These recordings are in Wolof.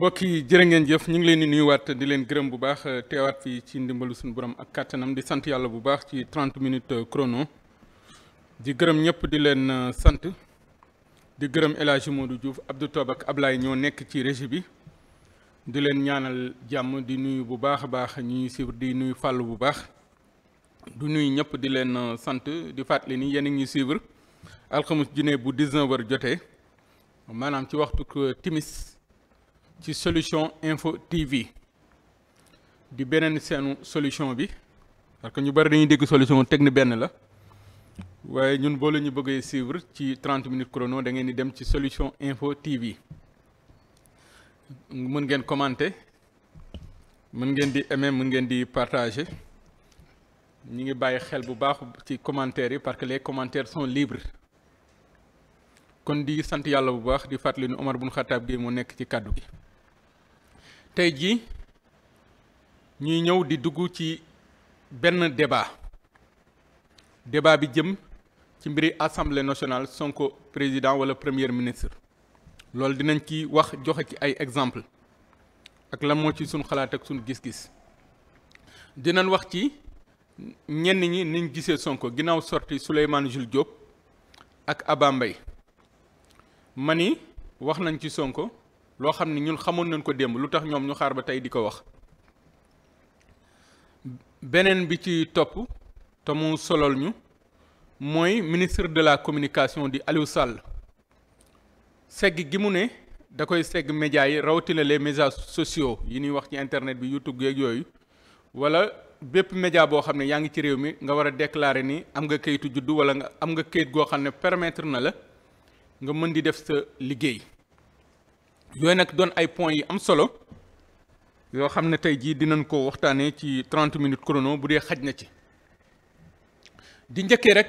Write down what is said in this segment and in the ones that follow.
mbokk yi jërë ngeen jëf ñu ngi leen di nuyuwaat di leen gërëm bu baax euh, teewaat fii ci ndimbalu suñu borom ak kàttanam di sant yàlla bu baax ci 30 minutes euh, chrono di gërëm ñëpp di leen euh, sant di gërëm El Hadj Modou Diouf Abdou Toob ak Ablaye ñoo nekk ci régie bi di leen ñaanal jàmm di nuyu bu baax a baax ñuy suivre di nuyu fàll bu baax du nuy ñëpp di leen sant di fàttali ni yéen a ngi suivre alxames ju ne bu 19 heures jotee maanaam ci waxtu timis ci solution info TV di beneen seenu solution bi parce ñu bari dañuy dégg solution technique benn la waaye ñun boo ñu bëggee suivre ci 30 minutes chrono da ngeen di dem ci solution info TV mën ngeen commenter mën ngeen di aimer mën ngeen di partager ñu ngi bàyyi xel bu baax ci commentaires yi parce que les commentaires sont libres kon di sant yàlla bu baax di fàttali ni Omar bun Xataab gi mu nekk ci kàddu gi. tey jii ñuy ñëw di dugg ci benn débat débat bi jëm ci mbiri assemblée nationale Sonko président wala premier ministre loolu dinañ ci wax joxe ci ay exemple ak lan moo ci suñ xalaat ak suñ gis-gis dinañ wax ci ñenn ñi niñ gisee Sonko ginnaaw sorti Souleymane Jules Diop ak Abba Mbaye ma wax nañ ci Sonko loo xam ne ñun xamoon nañ ko démb lu tax ñoom ñu xaar ba tey di ko wax beneen bi ci topp te mu solol ñu mooy ministre de la communication di Aliou Sall segg gi mu ne da koy segg médias yi rawatina les médias sociaux yi ñuy wax ci internet bi YouTube yeeg yooyu wala bépp média boo xam ne yaa ngi ci réew mi nga war a déclarer ni am nga kayitu juddu wala nga am nga kayit goo xam ne permettre na la nga mën di def sa liggéey yooyu nag doon ay points yi am solo yoo xam ne tey jii dinañ ko waxtaanee ci 30 minutes chrono bu dee xaj na ci di njëkkee rek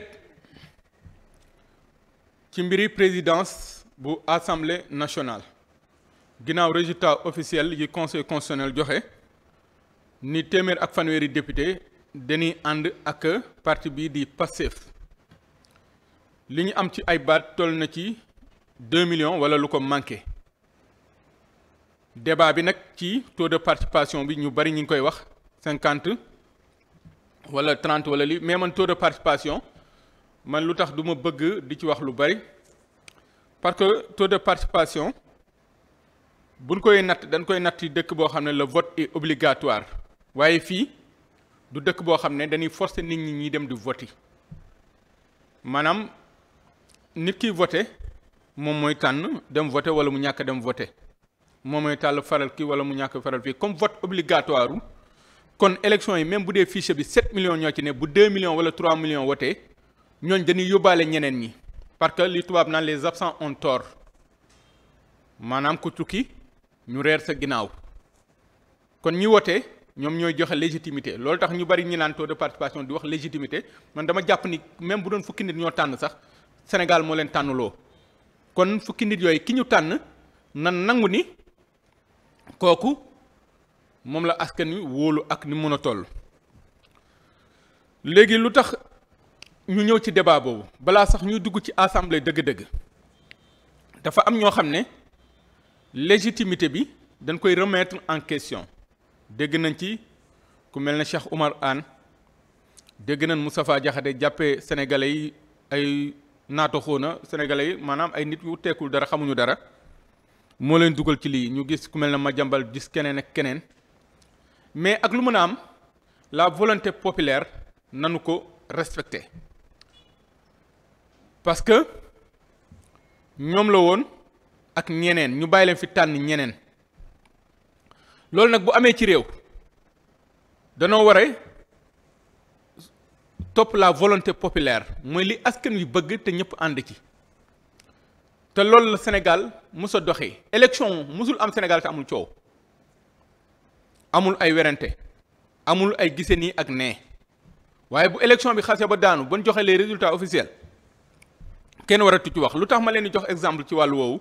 ci mbiri présidence bu assemblée nationale ginnaaw résultat officiel yi conseil constitutionnel joxe ni téeméer ak fanweeri député dañuy ànd ak parti bi di Pastef li ñu am ci ay baat toll na ci 2 millions wala lu ko manqué débat bi nag ci taux de participation bi ñu bari ñu ngi koy wax cinquante wala trente wala mais man taux de participation man lu tax du ma bëgg di ci wax lu bari parce que taux de participation buñ koy natt dañ koy natt dëkk boo xam ne la vote est obligatoire waaye fii du dëkk boo xam ne dañuy forcer nit ñi ñuy dem di voter maanaam nit kiy voter moom mooy tànn dem voter wala mu ñàkk dem voter moom mooy tàll faral kii wala mu ñàkk faral fii comme vote obligatoire kon élection yi même bu dee fichier bi 7 millions ñoo ci ne bu 2 millions wala 3 millions wote ñooñ dañuy yóbbaale ñeneen ñi parce que li tubaab naan les absents ont tort maanaam ku tukki ñu reer sa ginnaaw kon ñi wote ñoom ñooy joxe légitimité loolu tax ñu bari ñi naan taux de participation di wax légitimité man dama jàpp ni même bu doon fukki nit ñoo tànn sax Sénégal moo leen tànnuloo kon fukki nit yooyu ki ñu tànn nan nangu ni kooku moom la askan wi wóolu ak ni mën a toll léegi lu tax ñu ñëw ci débat boobu balaa sax ñuy dugg ci assemblée dëgg-dëgg dafa am ñoo xam ne légitimité bi dañ koy remettre en question dégg nañ ci ku mel ne Cheikh Oumar Anne dégg nañ Moustapha Diakhaté jàppe sénégalais yi ay naata xóona sénégalais yi maanaam ay nit yu tekkul dara xamuñu dara moo leen dugal ci lii ñu gis ku mel na ne Madiambal gis keneen ak keneen mais ak lu mën a am la volonté populaire nanu ko respecté parce que ñoom la woon ak ñeneen ñu bàyyi leen fi tànn ñeneen loolu nag bu amee ci réew danoo waree topp la volonté populaire mooy li askan wi bëgg te ñëpp ànd ci te loolu la Sénégal mës doxee élection mosul am Sénégal te amul coow amul ay werante amul ay gise nii ak nee waaye bu élection bi xasee ba daanu ba ñu joxe les résultats officiels kenn waratu ci wax lu tax ma leen di jox exemple ci wàllu woowu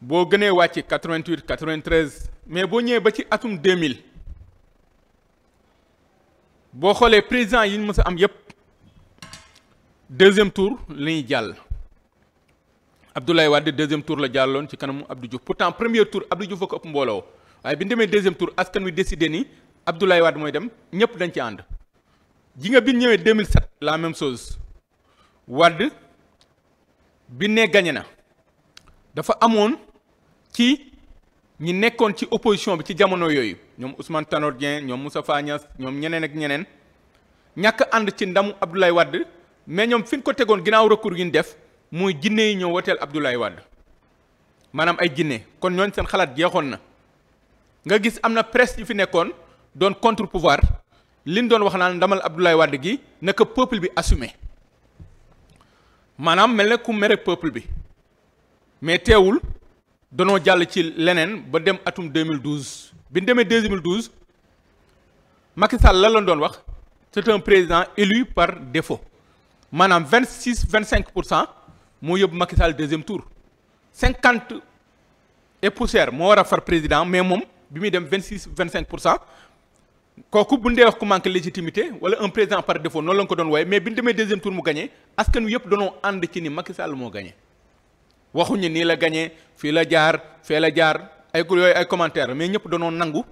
boo gënee wàcc 88 93 mais boo ñëwee ba ci atum 2000 boo xoolee président yi ñu mës a am yépp deuxième tour la ñuy jàll. Abdoulaye Wade deuxième tour la jàlloon ci kanamu Abdou Diouf pourtant premier tour Abdou Diouf a ko ëpp mbooloo waaye bi ñu demee deuxième tour askan wi décidé ni Abdoulaye Wade mooy dem ñëpp dañ ci ànd. ji nga bi ñu ñëwee 2007 la même chose wadd bi ne gagné na dafa amoon ci ñi nekkoon ci opposition bi ci jamono yooyu ñoom Ousmane Tanor Dieng ñoom musa Niass ñoom ñeneen ak ñeneen ñàkk ànd ci ndamu Abdoulaye Wade mais ñoom fi ñu ko tegoon ginnaaw recours yi ñu def. mooy jinne yi ñëw woteel Abdoulaye Wade maanaam ay jinne kon ñooñ seen xalaat jeexoon na nga gis am na presse yu fi nekkoon doon contre pouvoir li liñ doon wax naan ndamal Abdoulaye Wade gi naka peuple bi assumé maanaam mel na ku mere peuple bi mais teewul danoo jàll ci leneen ba dem atum 2012 bi ñu demee 2012 Macky Sall lan la doon wax c'est un président élu par défaut maanaam 26 25 pour cent. moo yóbbu Macky Sall deuxième tour cinquante et poussière moo war a far président mais moom bi muy dem vingt six vingt cinq pour cent kooku bu ñu dee wax ku manque légitimité wala un président par défaut noonu la ñu ko doon wooye mais bi ñu demee deuxième tour mu gagné askan wi yëpp doonoo ànd ci ni Macky Sall moo gagné. waxuñu nii la gagné fii la jaar fee la jaar ay yooyu ay commentaire mais ñëpp doonoo nangu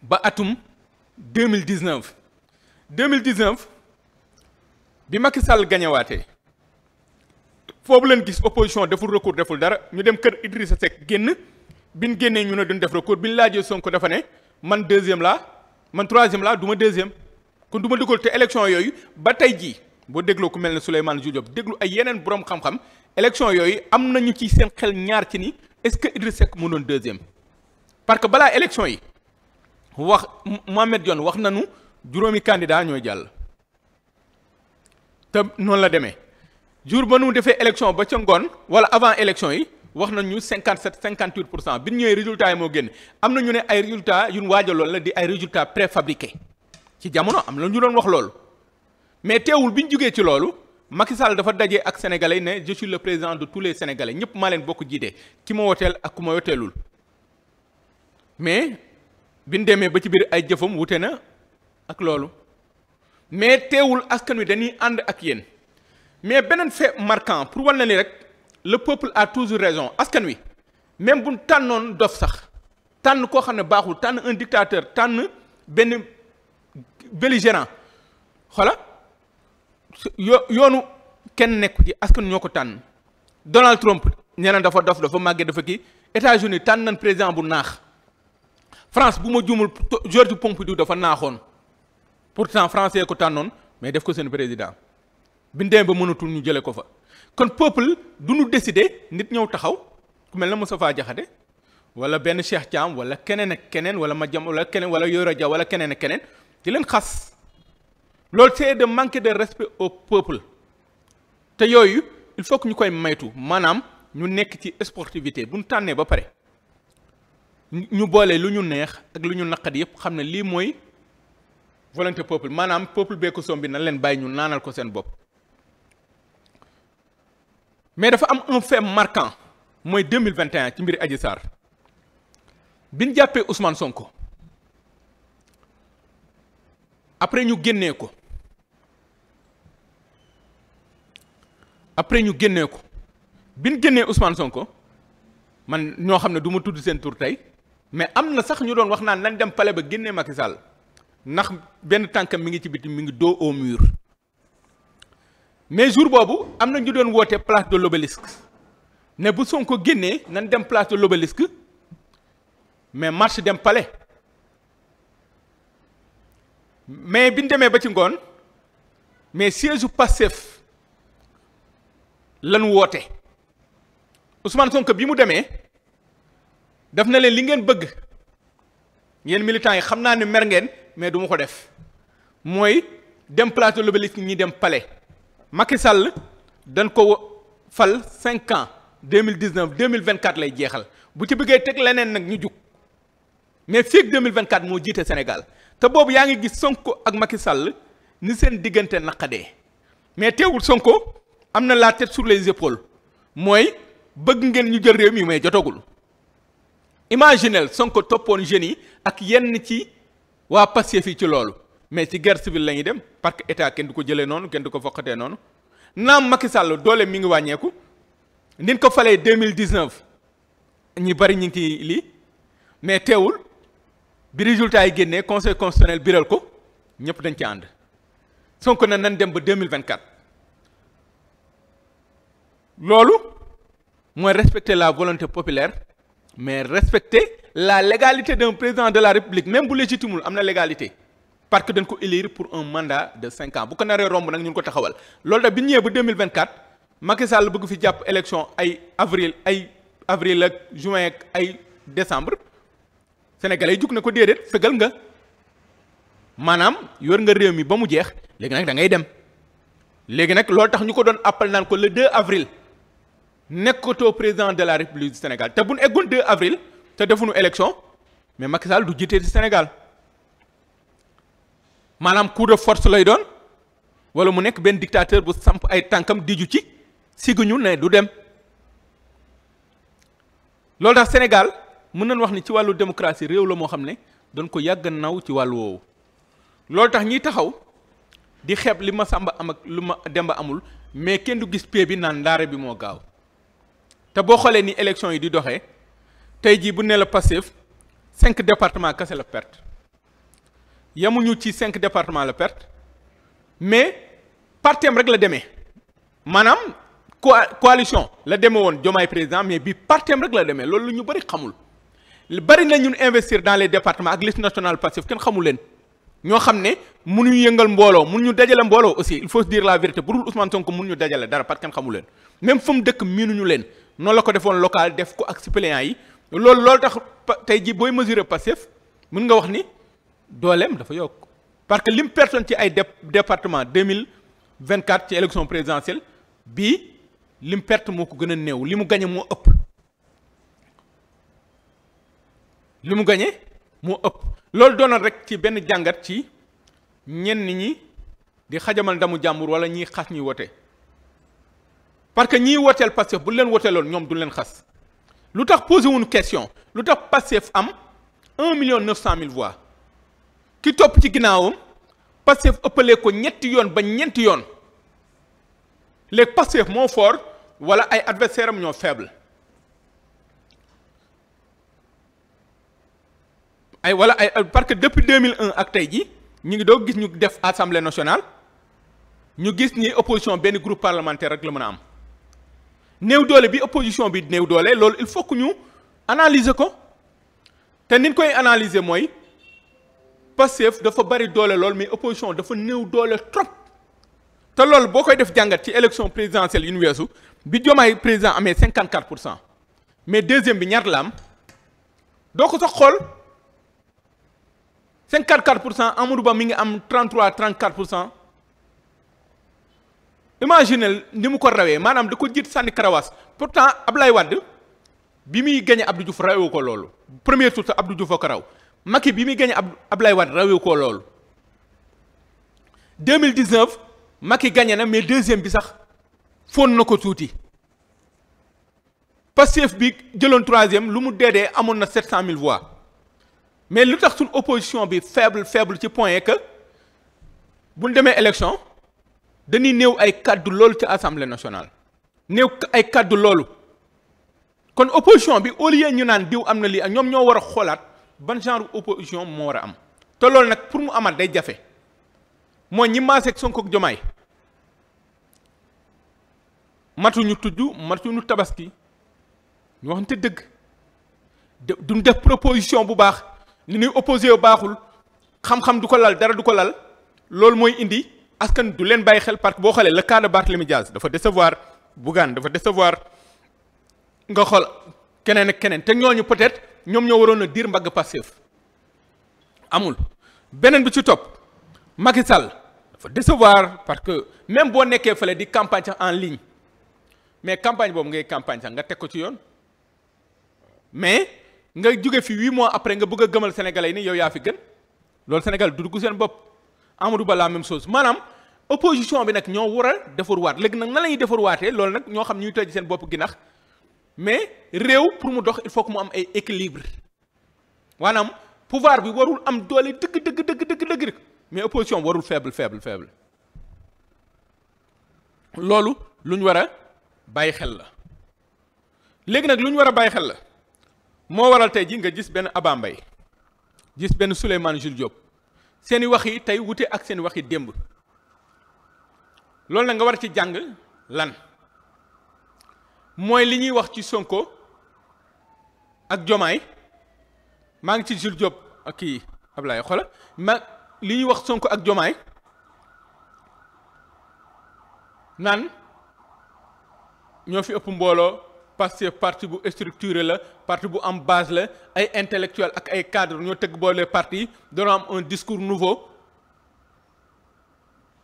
ba atum deux mille dix neuf. deux mille dix neuf bi Macky Sall gagné waatee foofu leen gis opposition deful recours deful dara ñu dem kër Idrissa Seck génn bi biñ génnee ñu ne duñ def recours biñ laajee Sonko dafa ne man deuxième laa man troisième laa du ma deuxième kon du ma dugal te élection yooyu ba tey jii boo dégloo ku mel ne Souleymane Diop déglu ay yeneen boroom xam-xam élection yooyu am na ñu ci seen xel ñaar ci ni est-ce que Idrissa Seck mu doon deuxième parce que balaa élection yi wax Mohamed Dionne wax nañu juróomi candidat ñooy jàll noonu la demee. jour ba nu defee élection ba ca ngoon wala avant élection yi wax nañ ñu 57 58 pour cent bi ñu ñëwee résultat yi moo génn am na ñu ne ay résultats yu ñu waajaloon la di ay résultats préfabriqués ci jamono am na ñu doon wax loolu mais teewul bi ñu jugee ci loolu Macky Sall dafa daje ak sénégalais ne je le président de tous les sénégalais ñëpp maa leen bokk ki ma woteel ak ku ma woteelul mais bi ñu demee ba ci biir ay jëfam wute na ak loolu mais teewul askan wi dañuy ànd ak yéen. mais beneen fait marquant pour wan na ni rek le peuple a toujours raison askan wi même bu tànnoon dof sax tànn koo xam ne baaxul tànn un dictateur tànn benn belligérant xoola yoo yoonu kenn nekku ci askan ñoo ko tànn Donald Trump ñeneen dafa dof dafa màggee dafa kii États-Unis tànn nañ président bu naax France bu ma jumul juumul Georges du dafa naaxoon pourtant français ko tànnoon mais def ko seen président bi ndéem ba mënatul ñu jëlee ko fa kon peuple du ñu décider nit ñëw taxaw ku mel ne Moustapha Diakhaté wala benn Cheikh Thiam wala keneen ak keneen wala ma jam wala keneen wala Yoro Dia wala keneen ak keneen di leen xas loolu c'est de manquer de respect au peuple te yooyu il faut que ñu koy maytu maanaam ñu nekk ci sportivité bu ñu tànnee ba pare ñu boolee lu ñu neex ak lu ñu naqat yépp xam ne lii mooy volonté peuple maanaam peuple bee ko sombi na leen bàyyi ñu naanal ko seen bopp. mais dafa am un fait marquant mooy 2021 ci mbiri Adji Sarr biñ jàppee Ousmane Sonko après ñu génnee ko après ñu génnee ko biñ génnee Ousmane Sonko man ñoo xam ne du ma tudd seen tur tey mais am na sax ñu doon wax naan nañ dem pale ba génnee Macky Sall ndax benn tànkam mi ngi ci biti mi ngi doo au mur mais jour boobu am na ñu doon woote place de l'obélisque ne bu sonk génnee nañ dem place de l'obélisque mais marche dem pale mais bi ñu demee ba ci ngoon mais siège u Pastef lan woote Ousmane sonk bi mu demee daf na leen li ngeen bëgg yéen militants yi xam naa ne mer ngeen mais duma ko def mooy dem place de l'obélisque ñi dem pale Macky Sall dañ ko fal cinq ans deux mille dix neuf deux mille vingt quatre lay jeexal bu ci bëggee teg leneen nag ñu jug mais fii ak deux vingt quatre moo jiite Sénégal te boobu yaa ngi gis Sonko ak Macky Sall ni seen diggante naqadee mais teewul Sonko am na la tête sur les épaules mooy bëgg ngeen ñu jël réew mi mais jotagul. imaginel Sonko toppoon jeunes yi ak yenn ci waa Pastef yi ci loolu mais ci guerre civile la ñuy dem parce que état kenn du ko jëlee noonu kenn du ko foqatee noonu naam Macky Sall doole mi ngi wàññeeku nin ko falee deux mille dix-neuf ñi bëri ñu ngi ciy lii mais teewul bi résultat yi génnee conseil constitutionnel biral ko ñëpp dañ ci ànd Sonko na nan dem ba deux mille vingt-quatre loolu mooy respecter la volonté populaire mais respecter la légalité de président de la république même bu légitimul am na légalité. parce que dañ ko élire pour un mandat de cinq ans bu ko naree romb nag ñu ko taxawal loolu da bi ñëwee ba 2024 Macky Sall bëgg fi jàpp élection ay avril ay avril ak juin ak ay décembre sénégal yi jug na ko déedéet fegal nga maanaam yor nga réew mi ba mu jeex léegi nag da ngay dem léegi nag loolu tax ñu ko doon appel naan ko le 2 avril nekkatoo président de la république du Sénégal te bu nu eggoon avril te defuñu élection mais Macky du jiitee ci Sénégal. maanaam coup de force lay doon wala mu nekk benn dictateur bu samp ay tànkam diju ci siguñu ne du dem loolu tax Sénégal mën nañ wax ni ci wàllu démocratie réew la moo xam ne doon ko yàgg naw ci wàllu woowu loolu tax ñiy taxaw di xep li ma sàmba am ak lu ma demba amul mais kenn du gis pee bi naan ndaare bi moo gaaw te boo xoolee ni élection yi di doxee tey jii bu ne la Pastef cinq département kese la perte yemuñu ci cinq département la perte mais partem rek la demee maanaam coalition la demee woon Diomaye président mais bi partem rek la demee loolu lu ñu bëri xamul bëri na ñun investir dans les départements ak liste nationale Pastef kenn xamu leen ñoo xam ne mun mënuñu yëngal mbooloo mun ñu dajale mbooloo aussi il faut se dire la vérité bu dul Ousmane Sonko mënuñu dajale dara parce que kenn xamu leen même fu mu dëkk miinuñu leen noonu la ko defoon local def ko ak suppléants yi loolu loolu tax tey ji booy mesurer Pastef mën nga wax ni dooleem dafa yokk parce que lim personne ci ay département deux mille vingt quatre ci élection présidentielle bii lim perte moo ko gën a néew li mu gañe moo ëpp li mu gañe moo ëpp loolu doonal rek ci benn jàngat ci ñenn ñi di xajamal ndamu jàmbur wala ñiy xas ñuy wote parce que ñiy woteel Pastef bu leen woteeloon ñoom du leen xas lu tax posé wuñu question lu tax Pastef am un million neuf cent mille voix ki topp ci ginnaawam Pastef ëppalee ko ñetti yoon ba ñeenti yoon léegi Pastef moo foor wala ay adversaire am ñoo faible ay wala ay parce que depuis 2001 ak tey ji ñu ngi doo gis ñu def assemblée nationale ñu gis ni opposition benn groupe parlementaire rek mën a am néew doole bi opposition bi néew doole loolu il faut ñu analyser ko te ni koy analyser mooy. Pastef dafa bari doole lool mais opposition dafa néew doole trop te loolu boo koy def jàngat ci élection présidentielle yu ñu weesu bi Diomaye président amee 54 pour cent mais deuxième bi ñaar la am doo ko sax xool 54 pour cent Amadou Ba mi ngi am 33 34 pour cent imaginez ni mu ko rawee maanaam da ko jiit sànni karawaas pourtant Ablaye Wade bi muy gagné Abdou Diouf rawee ko loolu premier tour te Abdou Diouf raw. Macky bi muy gagné ab Ablaye Wade rawu ko loolu 2019 Macky gagné na mais deuxième bi sax fon na ko tuuti Pastef bi jëloon troisième lu mu dee amoon na 700000 voix mais lu tax suñ opposition bi faible faible ci point que bu ñu demee élection dañuy néew ay kàddu loolu ci assemblée nationale néew ay kàddu loolu kon opposition bi au lieu ñu naan diw am na lii ak ñoom ñoo war xoolaat. ban genre opposition moo war a am te loolu nag pour mu amal day jafe mooy ñi maaseeg Sonko ak ñu matuñu tujj matuñu tabaski ñu waxante dëgg duñ def proposition bu baax ni nuy opposé wu baaxul xam-xam du ko lal dara du ko lal loolu mooy indi askan du leen bàyyi xel parce que boo xoolee le cas de Barthélemy Diaz dafa décevoir Bougane dafa décevoir nga xol keneen ak keneen te ñooñu peut-être ñoom ñoo waroon a diir mbagg Pastef amul beneen bi ci topp Macky Sall dafa décevoir parce que même boo nekkee fële di campagne sax en ligne mais campagne boobu ngay campagne sax nga teg ko ci yoon mais nga jóge fi huit mois après nga bëgg a gëmal sénégalais yi ni yow yaa fi gën loolu Sénégal du dugg seen bopp Amadou Ba la même chose maanaam opposition bi nag ñoo war a defarwaat léegi nag nan la ñuy defarwaatee loolu ñoo xam ñuy tëj seen bopp gi mais réew pour mu dox il faut que mu am ay équilibre maanaam pouvoir bi warul am doole dëgg dëgg dëgg dëgg dëgg mais opposition warul faible faible faible loolu lu ñu war a bàyyi xel la léegi nag lu ñu war a bàyyi xel la moo waral tey ji nga gis benn Abba Mbaye gis benn Souleymane Jules Diop seeni wax yi tey wute ak seeni wax yi démb loolu nag nga war ci jàng lan mooy li ñuy wax ci Sonko ak Jomaay maa ngi ci Jules Diop ak kii lay xola ma li ñuy wax Sonko ak Jomaay naan ñoo fi ëpp mbooloo parce que parti bu structuré la parti bu am base la ay intellectuel ak ay cadre ñoo teg boole parti yi doona am un discours nouveau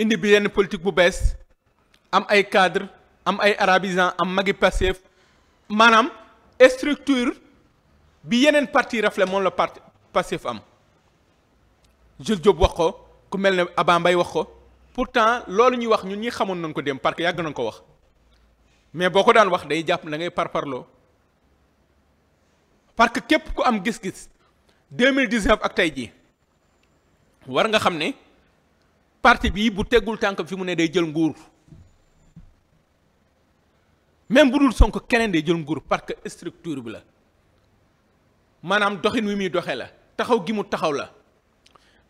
indi bi yenn politique bu bees am ay cadre am ay arabisants am magi Pastef maanaam structure bi yeneen parti rafle moom la parti Pastef am Jules Diop wax ko ku mel ne Abba Mbaye wax ko pourtant loolu ñuy wax ñu ñuy xamoon nañ ko dem parce que yàgg nañ ko wax mais boo ko daan wax day jàpp da ngay parparloo parce que képp ku am gis-gis 2019 ak tey jii war nga xam ni partie bii bu tegul tànk fi mu ne day jël nguur même bu dul Sonko keneen day jël nguur parce que structure bi la maanaam doxin wi muy doxe la taxaw gi mu taxaw la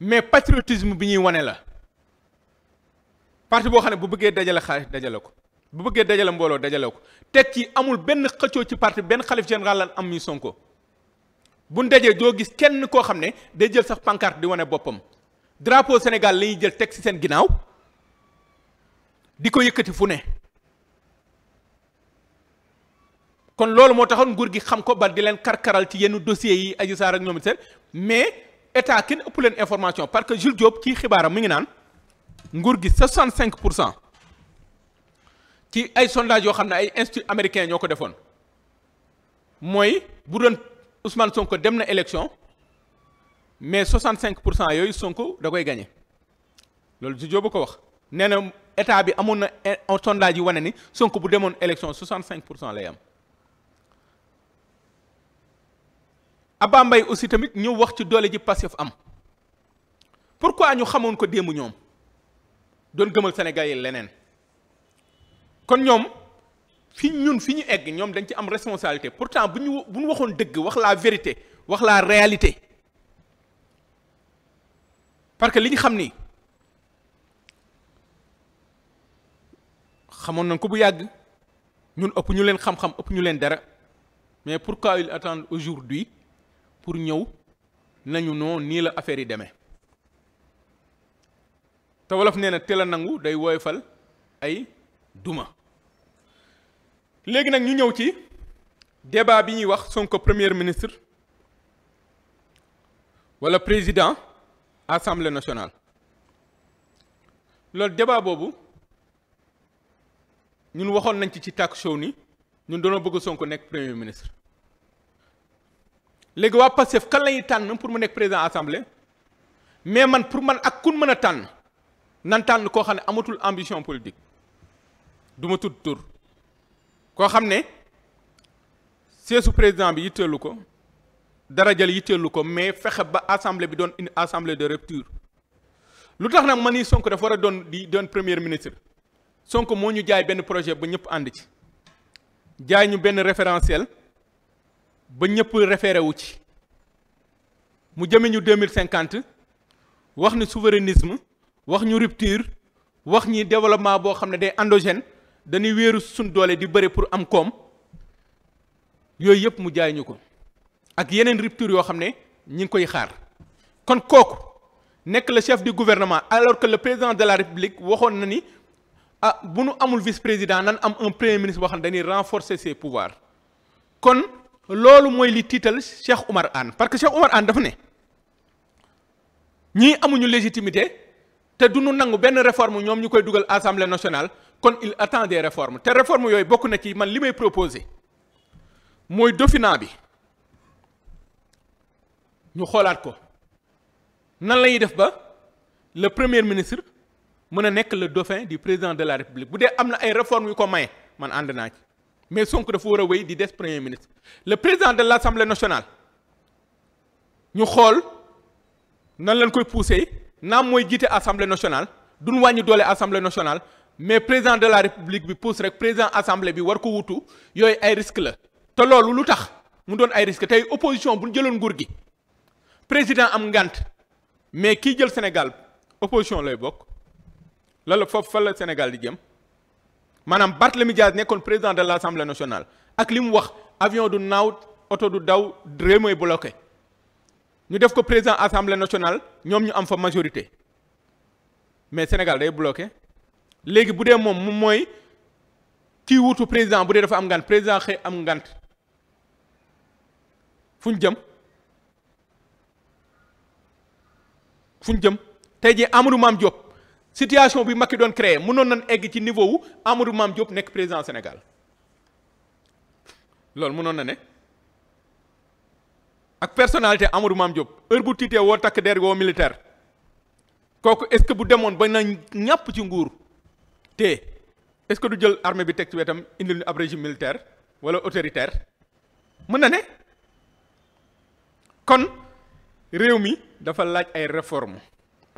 mais patriotisme bi ñuy wane la parti boo xam ne bu bëggee dajale xaalis dajale ko bu bëggee dajale mbooloo dajale ko teg ci amul benn xëccoo ci parti benn xalif général lan am ñu Sonko bu ñu dajee doo gis kenn koo xam ne day jël sax pancarte di wane boppam drapeau Sénégal la jël teg ci seen ginnaaw di ko yëkkati fu ne. kon loolu moo taxoon nguur gi xam ko ba di leen karkaral ci yenn dossiers yi Adji Sarr ak ñoom seen mais état kenn ëpp leen information parce que Jules Diop ci xibaaram mi ngi naan nguur gi 65 pour cent ci ay sondage yoo xam ne ay institut américain ñoo ko defoon mooy bu doon Ousmane Sonko dem na élection mais 65 pour cent yooyu sunk da koy gagné loolu Jules Diop ko wax nee na état bi amoon na sondage yi wane ni Sonko bu demoon élection 65 pour cent lay am. Abba Mbaye aussi tamit ñëw wax ci doole ji Pastef am pourquoi ñu xamoon ko démb ñoom doon gëmal Sénégal yi leneen kon ñoom fi ñun fi ñu egg ñoom dañ ci am responsabilité pourtant bu ñu bu ñu waxoon dëgg wax laa vérité wax laa réalité parce que li ñu xam ni xamoon nañ ko bu yàgg ñun ëpp ñu leen xam-xam ëpp ñu leen dara mais pourquoi il attend aujourd'hui pour ñëw nañu noo nii la affaire yi demee te wolof nee na teel a nangu day woyofal ay duma léegi nag ñu ñëw ci débat bi ñuy wax Sonko premier ministre wala président assemblée nationale loolu débat boobu ñun waxoon nañ ci ci talk show ni ñun doona bëgg Sonko nekk premier ministre léegi waa Pastef kan la ñuy tànn pour mu nekk président assemblée mais man pour man ak kun mën a tànn nan tànn koo xam ne amatul ambition politique du ma tudd tur koo xam ne seesu président bi yitteelu ko darajal yitteelu ko mais fexe ba assemblée bi doon une assemblée de rupture lu tax nag man ni Sonko dafa war a doon di doon premier ministre Sonko moo ñu jaay benn projet ba ñëpp ànd ci jaay ñu benn référentiel ba ñëpp référé wu ci mu jëme ñu deux mille cinquante wax ni souverainisme wax ñu rupture wax ñi développement boo xam ne day endogène dañuy wéeru suñ doole di bëri pour am koom yooyu yëpp mu jaay ñu ko ak yeneen rupture yoo xam ne ñi ngi koy xaar kon kooku nekk la chef du gouvernement alors que le président de la république waxoon na ni ah bu nu amul vice président nan am un premier ministre boo xam ne dañuy renforcer ses pouvoirs kon loolu mooy li tiital Cheikh Oumar Anne parce que Cheikh Oumar Anne dafa ne ñii amuñu légitimité te du nangu benn réforme ñoom ñu koy dugal assemblée nationale kon il attend des te réforme yooyu bokk na ci man li may proposé mooy dauphinat bi ñu xoolaat ko nan la ñuy def ba le premier ministre mën a nekk le dauphin di président de la république bu dee am na ay réformes yu ko maye man ànd naa ci. mais Sonko dafa war a wéy di des premier ministre le président de l'Assemblée nationale ñu xool nan lañ koy pousser naam mooy jiite assemblée nationale duñ wàññi doole assemblée nationale mais président de la république bi pousse rek président assemblée bi war ko wutu yooyu ay risque la te loolu lu tax mu doon ay risque tey opposition bu ñu jëloon nguur gi président am ngant mais kii jël Sénégal opposition lay bokk lala foofu fa la Sénégal di jëm maanaam Barthélemy Dias nekkoon président de l' assemblée nationale ak li mu wax avion du naaw oto du daw réew mooy bloqué ñu def ko président assemblée nationale ñoom ñu am fa majorité mais Sénégal day bloqué léegi bu dee moom moom mooy kii wutu président bu dee dafa am ngant président xëy am ngant fu ñu jëm fu ñu jëm tey jii Amadou Mame Diop situation bi Macky doon créé mënoon nañ egg ci niveau wu Amadou Mame Diop nekk président Sénégal loolu mënoon na ne ak personnalité Amadou Mame Diop heure bu tiitee woo takk der woo militaire kooku est-ce que bu demoon ba na ñàpp ci nguur te est-ce que du jël armée bi teg ci wetam indil ñu ab régime militaire wala autoritaire mën na ne kon réew mi dafa laaj ay réforme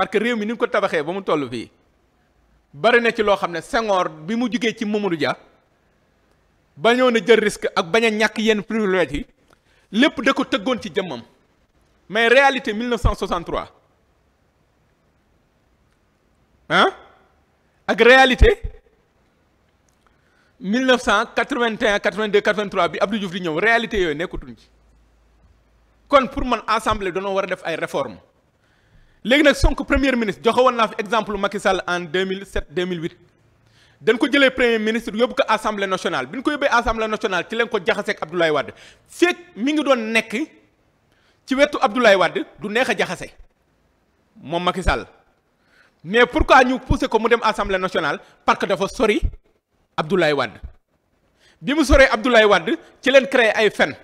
parce que réew mi ni mu ko tabaxee ba mu toll fii bari na ci loo xam ne Senghor bi mu jugee ci Mamadou Dia bañoon a jël risque ak bañ a ñàkk yenn privilège yi lépp da ko tëggoon ci jëmmam mais réalité 1963 ah ak réalité 1981 82 83 bi Abdou Diouf di ñëw réalité yooyu nekkutuñ ci kon pour man assemblée dañoo war a def ay réformes. léegi nag Sonko premier ministre joxe woon naa fi exemple Macky Sall en 2007 2008 dañ ko jëlee premier ministre yóbbu ko assemblée nationale bi ñu ko yóbbee assemblée nationale ci leen ko jaxaseeg Abdoulaye Wade fekk mi ngi doon nekk ci wetu Abdoulaye Wade du neex a jaxase moom Macky Sall mais pourquoi ñu poussé ko mu dem assemblée nationale parce que dafa sori Abdoulaye Wade bi mu soree Abdoulaye Wade ci leen créé ay fen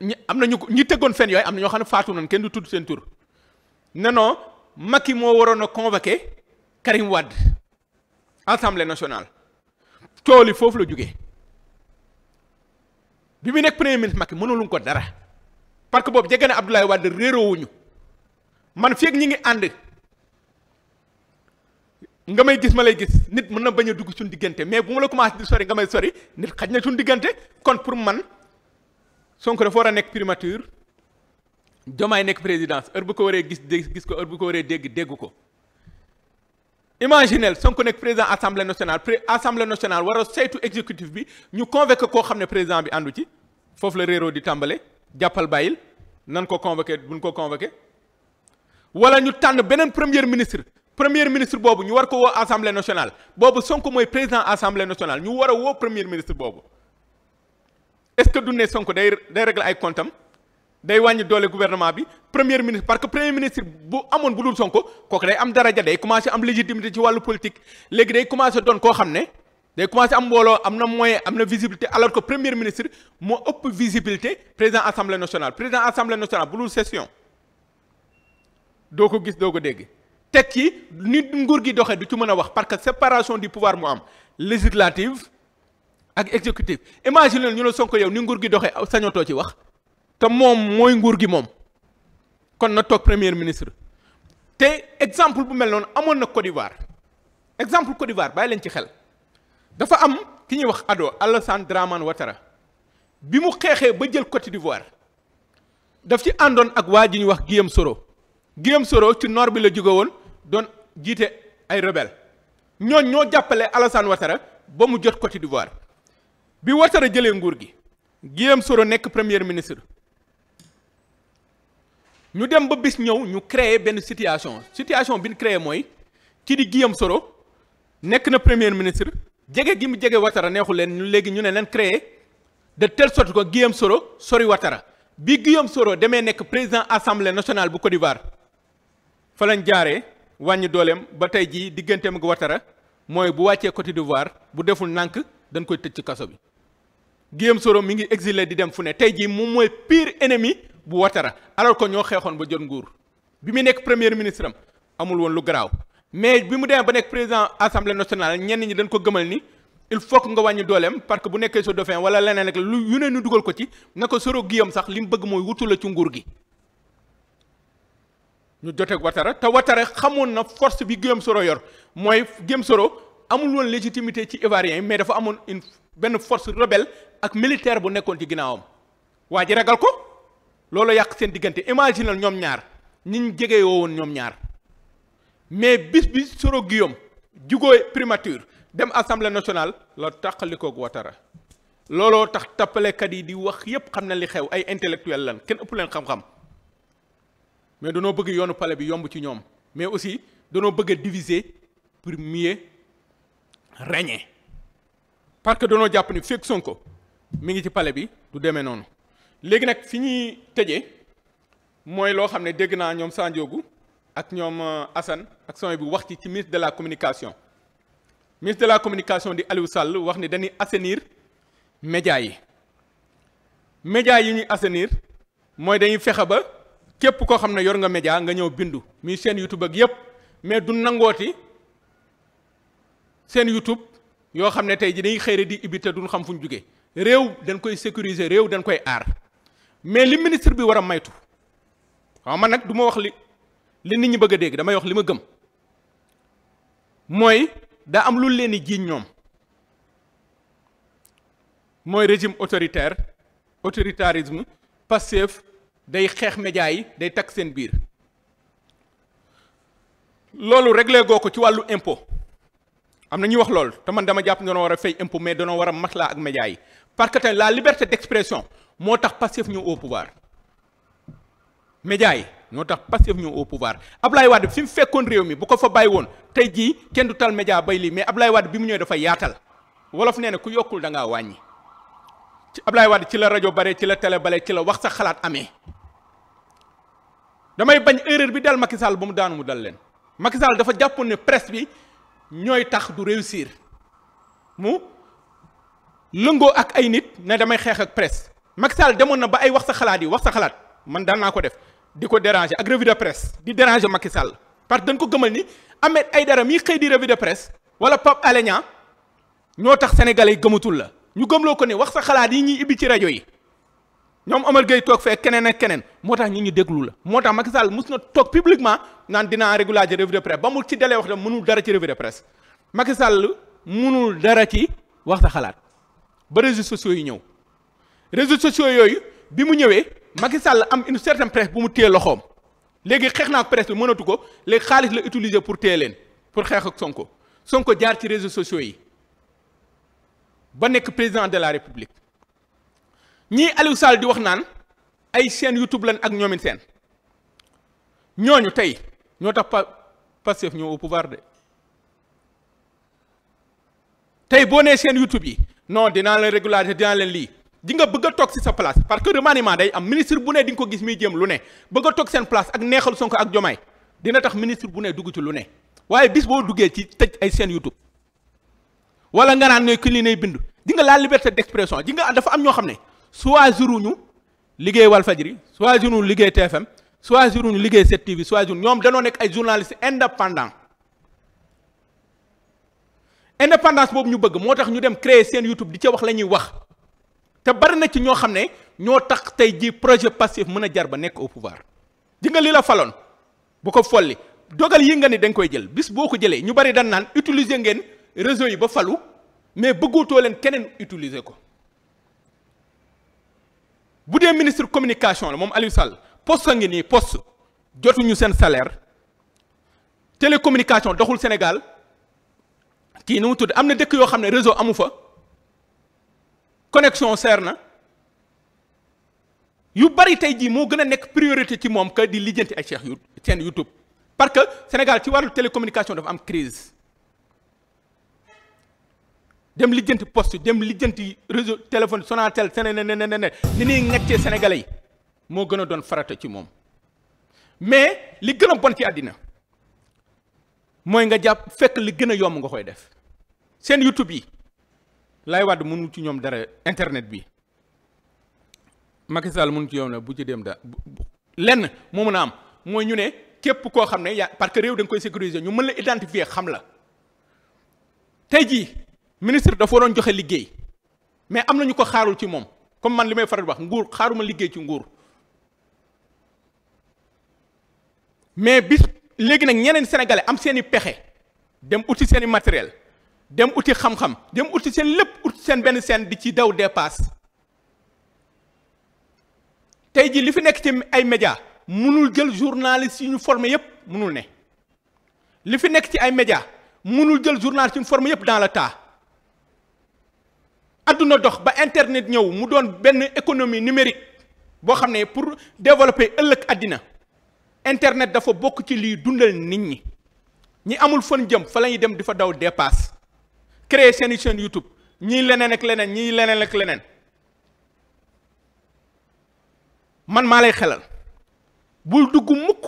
ñi am na ñu ñi tëggoon fen yooyu am na ñoo xam ne faatu nañ kenn du tudd seen ne non Macky moo waroon a convoqué Karim Wade assemblée nationale tool yi foofu la jóge bi mu nekk premier ministre Macky mënuluñ ko dara parce que boobu jege na Abdoulaye Wade réeroowuñu man fii ak ñi ngi ànd nga may gis ma lay gis nit mën na bañ a dugg suñu diggante mais bu ma la commencé di sori nga may sori nit xaj na suñu diggante kon pour man Sonko dafa war a nekk primature Diomaye nekk présidence heure bu ko waree gis gis ko heure bu ko waree dégg dégg ko imaginel Sonko nekk président assemblée nationale pré assemblée nationale war a saytu exécutif bi ñu convoqué koo xam ne président bi àndu ci foofu la réeroo di tàmbale jàppal bàyyil nan ko convoqué buñ ko convoqué wala ñu tànn beneen premier ministre premier ministre boobu ñu war ko woo assemblée nationale boobu Sonko mooy président assemblée nationale ñu war a woo premier ministre boobu est-ce que du ne Sonko day day régler ay comptam day wàññi doole gouvernement bi premier ministre parce que premier ministre bu amoon bu dul Sonko kooku day am daraja day commencé am légitimité ci wàllu politique léegi day commencé doon koo xam ne day commencé am mbooloo am na moyen am na visibilité alors que premier ministre moo ëpp visibilité président assemblée nationale président assemblée nationale bu dul session doo ko gis doo ko dégg teg ci nit nguur gi doxee du ci mën a wax parce que séparation du pouvoir mu am législative ak exécutif imagine ñu la Sonko yow ni nguur gi doxee sañotoo ci wax te moom mooy nguur gi moom kon na toog première ministre te exemple bu mel noonu amoon na Côte d'Ivoire exemple Côte d'Ivoire bàyyi leen ci xel dafa am ki ñuy wax adoo Alassane Dramane Ouattara bi mu xeexee ba jël Côte d'Ivoire daf ci àndoon ak waa ji ñuy wax Guillaume Soro Guillaume Soro ci noor bi la jóge woon doon jiite ay rebelle ñoo ñoo jàppale Alassane Ouattara ba mu jot Côte d'Ivoire bi Ouattara jëlee nguur gi Guillaume Soro nekk premier ministre ñu dem ba bis ñëw ñu créer benn situation situation bi ñu créer mooy kii di Guillaume Soro nekk na premier ministre jege gi mu jege Ouattara neexu leen léegi ñu ne leen créer de telle sorte ko Guillaume Soro sori Ouattara bi Guillaume Soro demee nekk président assemblée nationale bu Côte d'Ivoire fa lañ jaaree wàññi dooleem ba tey jii digganteem ak Ouattara mooy bu wàccee Côte d'Ivoire bu deful nànk dañ koy tëj ci kaso bi Guillaume Soro mi ngi exilé di dem fu ne tey jii moom mooy pire ennemi bu watara alors que ñoo xeexoon ba jot nguur bi mu nekk premier ministre am amul woon lu garaaw mais bi mu demee ba nekk président assemblée nationale ñenn ñi dañ ko gëmal ni il faut que nga wàññi dooleem parce que bu nekkee sa dauphin wala leneen ak lu yu ne ñu dugal ko ci na ko soro giyam sax li mu bëgg mooy wutu la ci nguur gi. ñu joteeg watara te watara xamoon na force bi Guillaume Soro yor mooy Guillaume Soro amul woon légitimité ci ivoirien yi mais dafa amoon une benn force rebelle ak militaire bu nekkoon ci ginnaawam loolu yàq seen diggante imaginal ñoom ñaar ñiñ jege woon ñoom ñaar mais bis bi Soro Guillaume jigo primature dem assemblée nationale la tàqalikoog Ouattara looloo tax tappalekat yi di wax yépp xam na li xew ay intellectuel lan kenn ëpp leen xam-xam mais danoo bëgg yoonu pale bi yomb ci ñoom mais aussi danoo bëgg a diviser pour mieux régner parce que danoo jàpp ni fekk Sonko mi ngi ci pale bi du demee noonu léegi nag fi ñuy tëje mooy loo xam ne dégg naa ñoom Sandiogou ak ñoom euh, Assane ak son bu wax ci ci de la communication ministre de la communication di Aliou Sall wax ni dañuy assainir média yi média yi ñuy assainir mooy dañuy fexe ba képp koo xam ne yor nga média nga ñëw bindu muy seen YouTube ak yépp mais du nangooti seen YouTube yoo xam ne tey ji dañuy xëyre di ibite duñ xam fu ñu jóge réew dañ koy sécuriser réew dañ koy aar mais li ministre bi war a maytu waaw man nag du ma wax li li nit ñi bëgg a dégg damay wax li ma gëm mooy daa am lu leen di jiiñ ñoom mooy régime autoritaire autoritarisme passif day xeex média yi day takk seen biir loolu réglé goo ko ci wàllu impôt am na ñuy wax loolu te man dama jàpp ne danoo war a fay impôt mais danoo war a maslaa ak média yi parce que tey liberté d'expression moo tax Pastef ñëw au pouvoir média yi ñoo tax Pastef ñëw au pouvoir Ablaye Wade fi mu fekkoon réew mi bu ko fa bàyyi woon tey jii kenn tal média bay lii mais Ablaye Wade bi mu ñëwee dafa yaatal wolof nee na ku yokkul da wàññi ci Ablaye Wade ci la rajo bare ci la télé bare ci la wax sa xalaat amee damay bañ erreur bi dal Macky Sall ba mu daanu mu dal leen Macky dafa jàppoon ne presse bi. ñooy tax du réussir mu lëngoo ak ay nit ne damay xeex ak presse Macky Sall demoon na ba ay wax sa xalaat yi wax sa xalaat man daan naa ko def di ko déranger ak revue de presse di déranger Macky Sall parce que dañ ko gëmal ni Ahmed Aïdara mii xëy di revue de presse wala Pape Alé ñoo tax sénégalais yi gëmatul la ñu gëmloo ko ni wax sa xalaat yi ñuy ibbi ci rajo yi. ñoom amal Gueye toog fee keneen ak keneen moo tax ñu ñu déglu la moo tax Macky Sall mus na toog publiquement naan dinaa régulariser revue de presse ba mu ci dalee wax tam mënul dara ci revue de presse Macky Sall mënul dara ci wax sa xalaat ba réseaux sociaux yi ñëw réseaux sociaux yooyu bi mu ñëwee Macky Sall am une certaine presse bu mu téye loxoom léegi xeex naa ak presse bi mënatu ko léegi xaalis la utiliser pour téye leen pour xeex ak Sonko Sonko jaar ci réseaux sociaux yi ba nekk président de la République ñii Aliou Sall di wax naan ay chaîne YouTube leen ak ñoomin seen ñooñu tey ñoo tax pa Pastef ñoo au pouvoir de tey boo nee chaîne YouTube yi non dinaa leen régulariser dinaa lii di nga bëgg a toog si sa place parce que remaniement day am ministre bu ne di ko gis muy jéem lu ne bëgg a toog seen place ak neexal Sonko ak Jomaay dina tax ministre bu ne dugg ci lu ne waaye bis boo duggee ci tëj ay chaîne YouTube wala nga naan ne ki li nay bind di nga la liberté d'expression di nga dafa am ñoo xam ne. choisir ñu liggéey Walfadjri choisir ñu liggéey TFM choisir ñu liggéey 7TV choisir ñoom danoo nekk ay journaliste indépendant indépendance boobu ñu bëgg moo tax ñu dem créer seen YouTube di ca wax la ñuy wax te bari na ci ñoo xam ne ñoo tax tey ji projet Pastef mën a jar ba nekk au pouvoir di nga li la faloon bu ko folli dogal yi nga ni dañ koy jël bis boo ko jëlee ñu bari dan naan utiliser ngeen réseau yi ba falu mais bëggootoo leen keneen utiliser ko bu dee ministre communication la moom Aliou Sall poste a ngi nii poste jotuñu seen salaire télécommunication doxul Sénégal kii nu mu tudd am na dëkk yoo xam ne réseau amu fa connexion seer na yu bari tey jii moo gën a nekk priorité ci moom que di lijjanti ay cheikh yu seen YouTube parce que Sénégal ci wàllu télécommunication dafa am crise dem lijjanti poste dem lijjanti réseau téléphone Sonatel sene ne ne ne ni ñuy ŋàccee sénégalais moo gën a doon farata ci moom mais li gën a ci àddina mooy nga jàpp fekk li gën a yomb nga koy def seen YouTube yi lay wàdd mënu ci ñoom dara internet bi Macky Sall ci ñoom ne bu ci dem da lenn moo mën a am mooy ñu ne képp koo xam ne yaa parce que réew da nga koy sécuriser ñu mën la identifier xam la tey jii ministre dafa doon joxe liggéey mais am na ñu ko xaarul ci moom comme man li may faral wax nguur xaaruma liggéey ci nguur mais bi léegi nag ñeneen sénégalais am seen i pexe dem uti seen i matériel dem uti xam-xam dem uti seen lépp uti seen benn seen bi ci daw dépasse tey jii li fi nekk ci ay média mënul jël journaliste yi ñu formé yépp mënul ne li fi nekk ci ay média mënul jël journaliste yi ñu forme yépp dans le tas àdduna dox ba internet ñëw mu doon benn économie numérique boo xam ne pour développer ëllëg àddina internet dafa bokk ci liy dundal nit ñi ñi amul fan jëm fa lañuy dem di fa daw dépasse créer seen i chaîne YouTube ñii leneen ak leneen ñii leneen ak leneen man maa lay xelal bul dugg mukk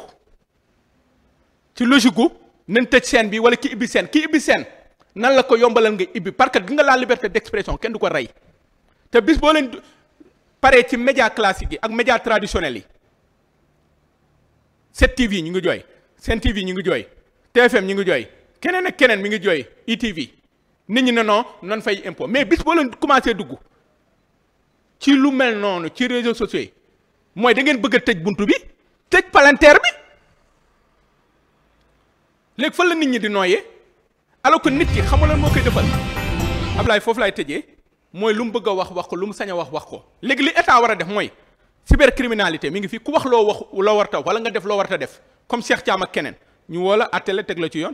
ci logique gu nañ seen bi wala ki ibbi seen ki ibbi seen. nan la ko yombalal nga ibbi parce que gi nga la liberté d'expression kenn du ko rey te bis boo leen paree ci média classique yi ak média traditionel yi 7TV ñu ngi jooy Sen TV ñu ngi jooy TFM ñu ngi jooy keneen ak keneen mi ngi jooy ITV e nit ñi ne non non fay impo mais bis boo leen commencé dugg ci lu mel noonu ci réseaux sociaux yi mooy da ngeen bëgg a tëj bunt bi tëj palanteer bi léegi fan la nit ñi di nooyee. alors que nit ki xamu lan moo koy defal Ablaye foofu laay tëjee mooy lu mu bëgg a wax wax ko lu mu sañ a wax wax ko léegi li état war a def mooy cybercriminalité mi ngi fi ku wax loo wax loo war ta wala nga def loo war def comme Cheikh Thiam ak keneen ñu woo la àtte teg la ci yoon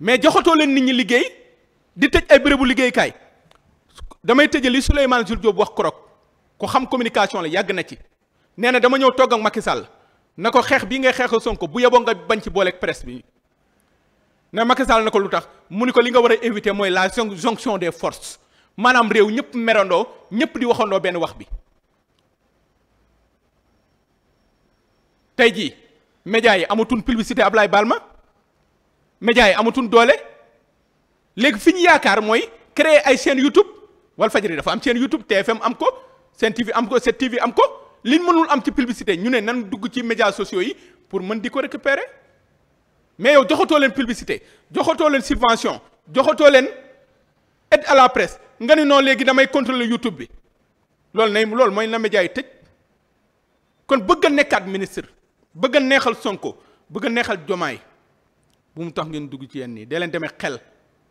mais joxatoo leen nit ñi liggéey di tëj ay bérébu liggéeykaay damay tëjee li Souleymane Jules Diop wax korok ku xam communication la yàgg na ci nee na dama ñëw togg ak Macky Sall na ko xeex bii ngay xeexal Sonko bu yeboo nga bañ ci booleeg presse bi ne Macky Sall na ko lu tax mu ni ko li nga war a éviter mooy la jonction des forces maanaam réew ñëpp merandoo ñëpp di waxandoo benn wax bi tey jii médias yi amatuñ publicité Ablaye Balma médias yi amatuñ doole léegi fi ñu yaakaar mooy créer ay chaîne YouTube Walfadjri dafa am chaîne YouTube TFM am ko Sen TV am ko 7TV am ko liñ mënul am ci publicité ñu ne nan dugg ci médias sociaux yi pour mën di ko récupérer mais yow joxatoo leen publicité joxatoo leen subvention joxatoo leen aide à la presse nga ni noo léegi damay contrôler YouTube bi loolu nay loolu mooy na média yi tëj kon bëgg a nekkaat ministre bëgg a neexal Sonko bëgg a neexal Jomaay bu mu tax ngeen dugg ci yenn nii dee leen demee xel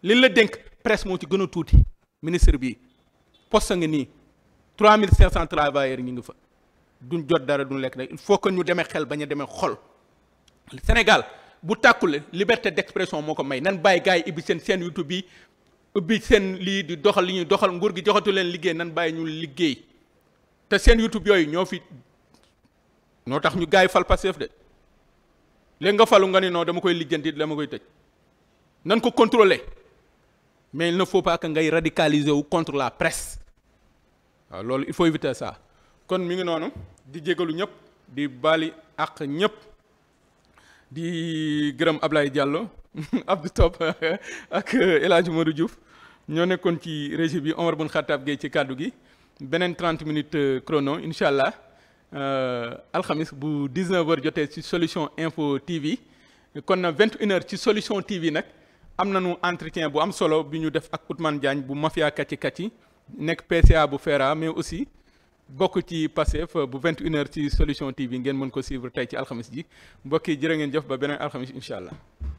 liñ la dénk presse moo ci gën a tuuti ministre bi poste nga nii 3500 travailleurs ñu ngi fa duñ jot dara duñ lekk rek il faut que ñu demee xel ba ñu demee xol Sénégal bu tàkkule liberté d'expression moo ko may nan bàyyi gars yi ibbi seen seen YouTube bi ubbi seen lii di doxal li ñuy doxal nguur gi joxatu leen liggéey nan bàyyi ñu liggéey te seen YouTube yooyu ñoo fi noo tax ñu gaa yi fal Pastef de léegi nga falu nga ni non dama koy lijjanti dama koy tëj nan ko contrôler mais na ne faut ngay radicaliser wu contre la presse waaw loolu il faut éviter ça kon mu ngi noonu di jégalu ñëpp di bali ak ñëpp. di gërëm Ablaye Diallo Abdou Top ak El Hadj Modou ñoo nekkoon ci régie bi Omar Bun Khattab Gueye ci kàddu gi beneen 30 minutes euh, chrono incha allah euh, alxamis bu 19h jotee ci solution info TV kon na 21h ci solution TV nag am nañu entretien bu am solo bi ñu def ak Ousmane Diagne bu mafia kàcci kàcci nekk PCA bu Fera mais aussi. bokk ci Pastef bu 21h ci Solution TV ngeen mën ko suivre tey ci alxamis ji mbokk yi jërë ngeen jëf ba beneen alxamis incha allah.